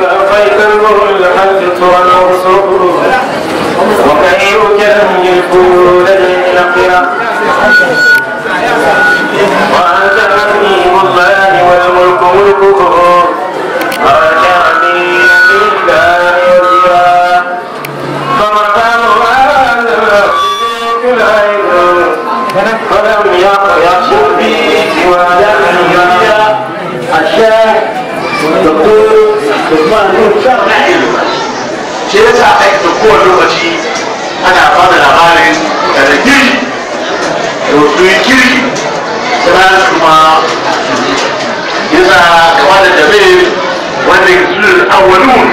فأقيت البر الحدث والمرسول وكيوك لم يكون لدي نقرة وأنت حكيم الله والملك ملكه ورجعني لله وزيرا فمكان العين ولم يخشى بي سوى ذلك shi sa aiki da kowane lokaci ana bada labarin da da giri da wasu giri sannan kuma yasa kama da dabe wanda ya zuwa awalun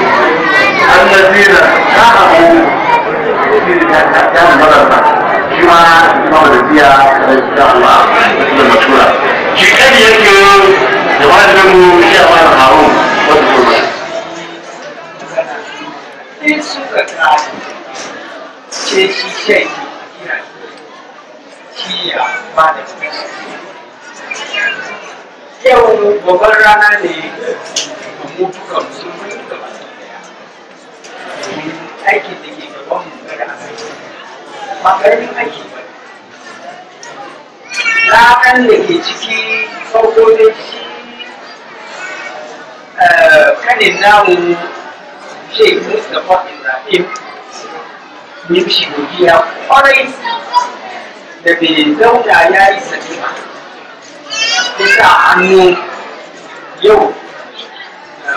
annabina ta abu ta da yi shi ma imam da da Allah da matura shi kan yake 接期限议依然是呀妈的。yau gobe rana ne mu aikin da ke gaban mu ba ba da ke ciki farko da shi eh, kanin namu shek mustapha ibrahim mishi godiya kwarai da bai zauna ya yi sadima ya sa hannu yau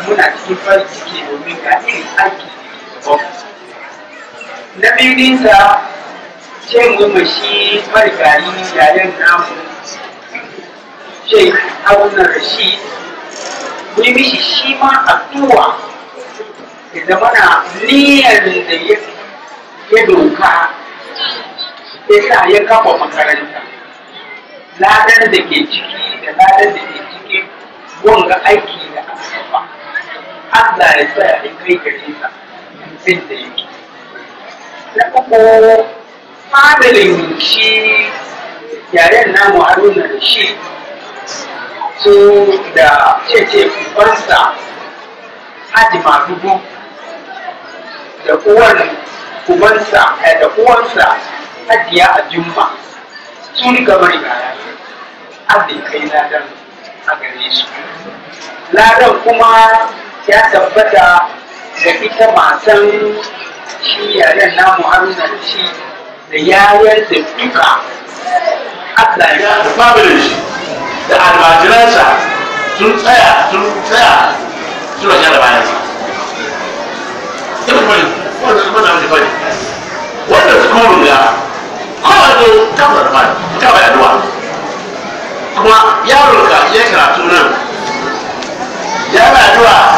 muna cikin farin ciki domin ga irin aiki na biyu ce mu shi marigayi yayin namu ce haruna rashid mu yi mishi shi ma addu'a ya zama na niyyar da ya ya doka ya sa ya kafa makaranta ladan da ke ciki da ladan da ke ciki wanga aiki da aka Allah ya sa ya kai gare sa bin da yake na uku fadalin shi yaren namu haruna da shi su da cece kubansa hajima dubu da uwan ubansa eh, da uwansa hadiya a jumma su ni gama rigaya abin kai ladan a gare su ladan kuma ya tabbata da ita matan shi yaren namu haruna shi da yayar da duka Allah ya da shi almajiransa sun tsaya sun tsaya kau kau tak dapat kau banyak dua kau ya lu kau ya kerap tunang ya banyak dua